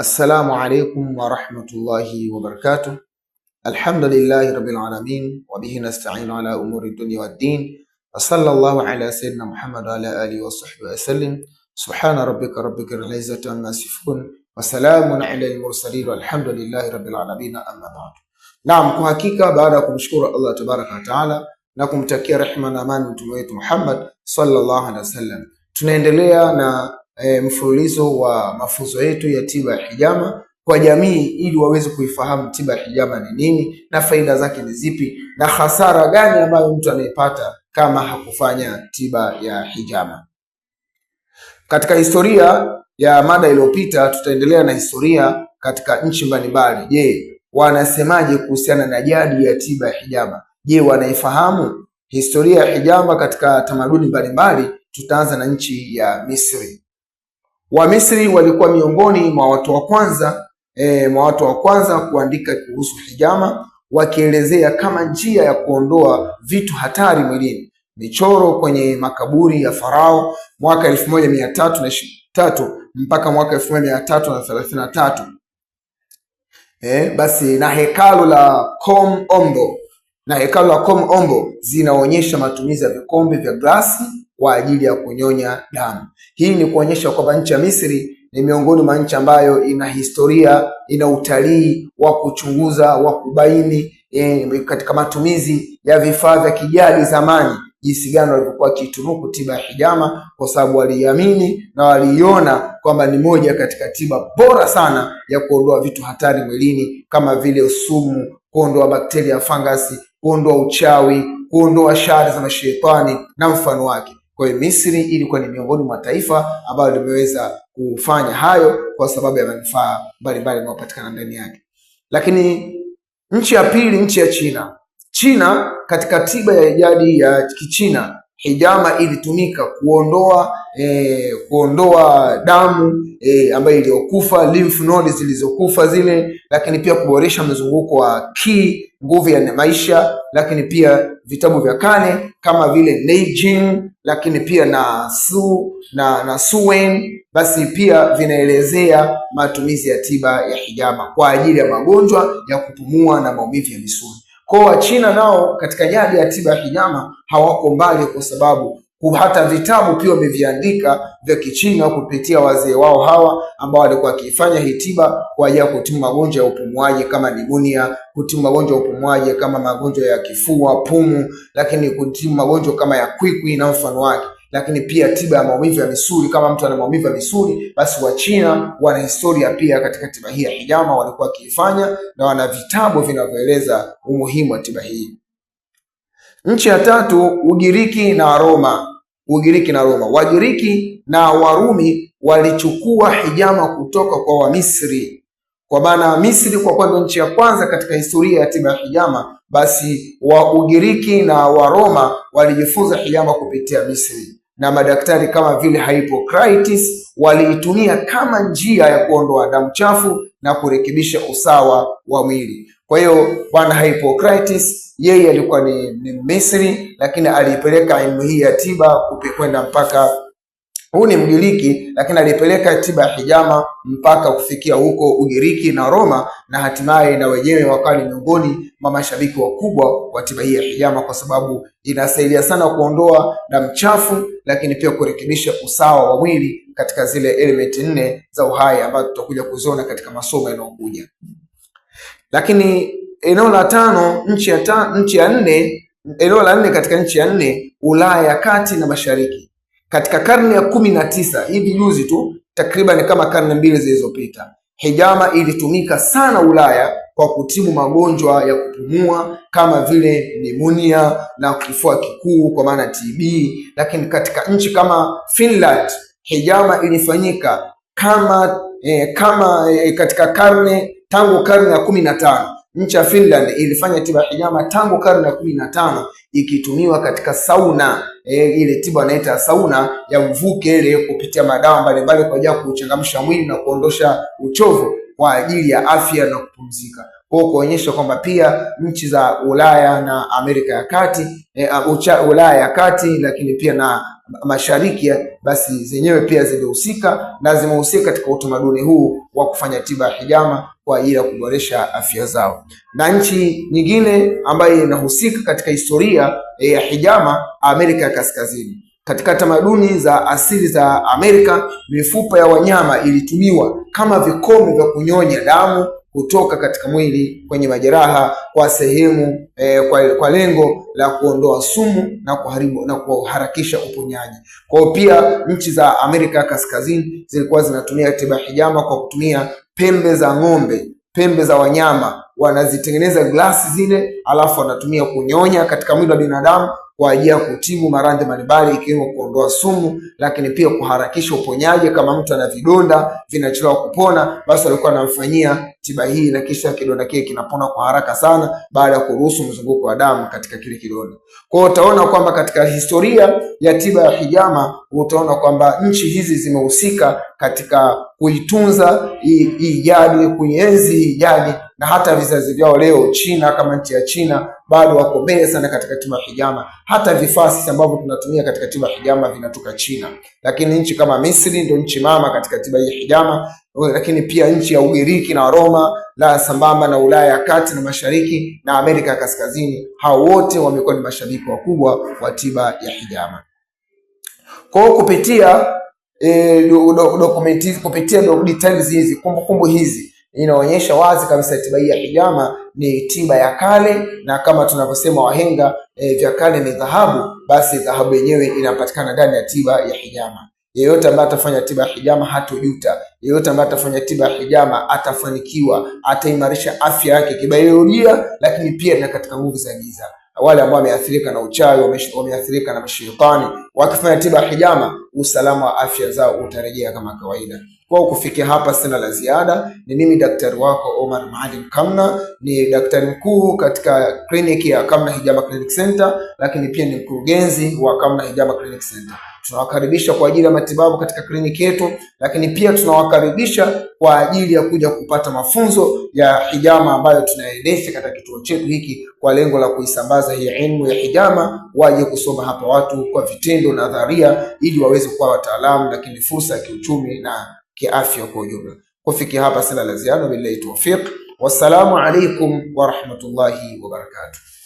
السلام عليكم ورحمة الله وبركاته الحمد لله رب العالمين وبه نستعين على أمور الدنيا والدين وصلى الله على سيدنا محمد وعلى آله وصحبه وسلم سبحان ربك ربك العزة عما يصفون wasalamun ala almursalin walhamdulillahi rabbil alamin amma ba'du. Naam, kwa hakika baada ya kumshukuru Allah tabaraka wa taala na kumtakia rehma na amani mtume wetu Muhammad sallallahu alaihi wasallam, tunaendelea na e, mfululizo wa mafunzo yetu ya tiba ya hijama kwa jamii ili waweze kuifahamu tiba ya hijama ni nini na faida zake ni zipi na hasara gani ambayo mtu anaipata kama hakufanya tiba ya hijama. Katika historia ya mada iliyopita, tutaendelea na historia katika nchi mbalimbali. Je, wanasemaje kuhusiana na jadi ya tiba ya hijama? Je, wanaifahamu historia ya hijama katika tamaduni mbalimbali? Tutaanza na nchi ya Misri. Wamisri walikuwa miongoni mwa watu wa kwanza e, mwa watu wa kwanza kuandika kuhusu hijama, wakielezea kama njia ya kuondoa vitu hatari mwilini. Michoro kwenye makaburi ya Farao mwaka 1323 mpaka mwaka 1333. Eh, basi na hekalu la Kom Ombo na hekalu la Kom Ombo zinaonyesha matumizi ya vikombe vya glasi kwa ajili ya kunyonya damu. Hii ni kuonyesha kwamba nchi ya Misri ni miongoni mwa nchi ambayo ina historia, ina utalii wa kuchunguza, wa kubaini E, katika matumizi ya vifaa vya kijadi zamani, jinsi gani walivyokuwa wakiitunuku tiba ya hijama, kwa sababu waliamini na waliiona kwamba ni moja katika tiba bora sana ya kuondoa vitu hatari mwilini kama vile sumu, kuondoa bakteria fangasi, kuondoa uchawi, kuondoa shari za mashetani na mfano wake. Kwa hiyo Misri ilikuwa ni miongoni mwa taifa ambayo limeweza kufanya hayo kwa sababu ya manufaa mbalimbali yanayopatikana ndani yake. Lakini nchi ya pili, nchi ya China. China katika tiba ya jadi ya Kichina hijama ilitumika kuondoa e, kuondoa damu e, ambayo iliyokufa, lymph nodes zilizokufa zile, lakini pia kuboresha mzunguko wa ki Nguvu ya Maisha, lakini pia vitabu vya kale kama vile Neijing, lakini pia na Su na, na Suwen, basi pia vinaelezea matumizi ya tiba ya hijama kwa ajili ya magonjwa ya kupumua na maumivu ya misuli. Kwa Wachina nao katika jadi ya tiba ya hijama hawako mbali, kwa sababu hata vitabu pia wameviandika vya Kichina kupitia wazee wao hawa ambao walikuwa wakifanya hitiba kwa ajili ya kutibu magonjwa ya upumuaji kama nimonia, kutibu magonjwa ya upumuaji kama magonjwa ya kifua, pumu, lakini kutibu magonjwa kama ya kwikwi na mfano wake lakini pia tiba ya maumivu ya misuli. Kama mtu ana maumivu ya misuli, basi Wachina wana historia pia katika tiba hii ya hijama, walikuwa wakiifanya na wana vitabu vinavyoeleza umuhimu wa tiba hii. Nchi ya tatu Ugiriki na Roma, Ugiriki na Roma. Wagiriki na Warumi walichukua hijama kutoka kwa Wamisri, kwa maana Misri kwa kuwa ndio nchi ya kwanza katika historia ya tiba ya hijama, basi wa Ugiriki na Waroma walijifunza hijama kupitia Misri na madaktari kama vile Hippocrates waliitumia kama njia ya kuondoa damu chafu na kurekebisha usawa wa mwili. Kwa hiyo bwana Hippocrates yeye alikuwa ni, ni Misri, lakini aliipeleka elimu hii ya tiba kupikwenda mpaka huu ni Mgiriki, lakini alipeleka tiba ya hijama mpaka kufikia huko Ugiriki na Roma, na hatimaye na wenyewe wakawa ni miongoni mwa mashabiki wakubwa wa tiba hii ya hijama, kwa sababu inasaidia sana kuondoa damu chafu, lakini pia kurekebisha usawa wa mwili katika zile elementi nne za uhai ambazo tutakuja kuziona katika masomo yanayokuja. Lakini eneo la tano, nchi ya ta, nchi ya nne, eneo la nne katika nchi ya nne, Ulaya ya kati na mashariki, katika karne ya kumi na tisa hivi juzi tu, takriban kama karne mbili zilizopita, hijama ilitumika sana Ulaya kwa kutibu magonjwa ya kupumua kama vile pneumonia na kifua kikuu kwa maana TB, lakini katika nchi kama Finland hijama ilifanyika kama eh, kama eh, katika karne tangu karne ya kumi na tano. Nchi ya Finland ilifanya tiba hijama tangu karne ya kumi na tano ikitumiwa katika sauna e, ile tiba wanaita sauna ya mvuke ile kupitia madawa mbalimbali kwa ajili ya kuchangamsha mwili na kuondosha uchovu kwa ajili ya afya na kupumzika. Kwa kuonyesha kwamba pia nchi za Ulaya na Amerika ya Kati e, Ulaya ya Kati lakini pia na mashariki, basi zenyewe pia zimehusika na zimehusika katika utamaduni huu wa kufanya tiba ya hijama kwa ajili ya kuboresha afya zao. Na nchi nyingine ambayo inahusika katika historia e, ya hijama, Amerika ya Kaskazini. Katika tamaduni za asili za Amerika, mifupa ya wanyama ilitumiwa kama vikombe vya kunyonya damu kutoka katika mwili kwenye majeraha kwa sehemu e, kwa, kwa lengo la kuondoa sumu na kuharibu, na kuharakisha uponyaji. Kwa hiyo pia nchi za Amerika ya Kaskazini zilikuwa zinatumia tiba hijama kwa kutumia pembe za ng'ombe, pembe za wanyama, wanazitengeneza glasi zile, alafu wanatumia kunyonya katika mwili wa binadamu kwa ajili ya kutibu maradhi mbalimbali ikiwemo kuondoa sumu, lakini pia kuharakisha uponyaji. Kama mtu ana vidonda vinachelewa kupona, basi alikuwa anamfanyia tiba hii na kisha kidonda kile kinapona kwa haraka sana, baada ya kuruhusu mzunguko wa damu katika kile kidonda. Kwa hiyo utaona kwamba katika historia ya tiba ya hijama utaona kwamba nchi hizi zimehusika katika kuitunza hii jadi, kuienzi hii jadi na hata vizazi vyao leo, China kama nchi ya China bado wako mbele sana katika timu ya hijama. Hata vifaa sisi ambavyo tunatumia katika timu ya hijama vinatoka China, lakini nchi kama Misri ndio nchi mama katika tiba ya hijama, lakini pia nchi ya Ugiriki na Roma la sambamba na Ulaya ya kati na mashariki na Amerika ya kaskazini, hao wote wamekuwa ni mashabiki wakubwa wa tiba ya hijama. Kwa hiyo kupitia eh, do, do, do, kupitia do, details hizi kumbukumbu hizi Inaonyesha wazi kabisa tiba hii ya pijama ni tiba ya kale, na kama tunavyosema wahenga e, vya kale ni dhahabu, basi dhahabu yenyewe inapatikana ndani ya tiba ya hijama. Yeyote ambaye atafanya tiba ya hijama hatojuta. Yeyote ambaye atafanya tiba ya hijama atafanikiwa, ataimarisha afya yake kibaiolojia, lakini pia na katika nguvu za giza. Wale ambao wameathirika na uchawi, wameathirika na mashetani, wakifanya tiba ya hijama, usalama wa afya zao utarejea kama kawaida. Kwa kufikia hapa, sina la ziada. Ni mimi daktari wako Omar Maalim Kamna, ni daktari mkuu katika kliniki ya Kamna Hijama Clinic Center, lakini pia ni mkurugenzi wa Kamna Hijama Clinic Center. Tunawakaribisha kwa ajili ya matibabu katika kliniki yetu, lakini pia tunawakaribisha kwa ajili ya kuja kupata mafunzo ya hijama ambayo tunaendesha katika kituo chetu hiki kwa lengo la kuisambaza hii elimu ya hijama, waje kusoma hapa watu kwa vitendo na nadharia, ili waweze kuwa wataalamu, lakini fursa ya kiuchumi na kiafya kwa ujumla. Kufikia hapa sina la ziada, billahi tawfiq. Wassalamu alaikum warahmatullahi wabarakatuh.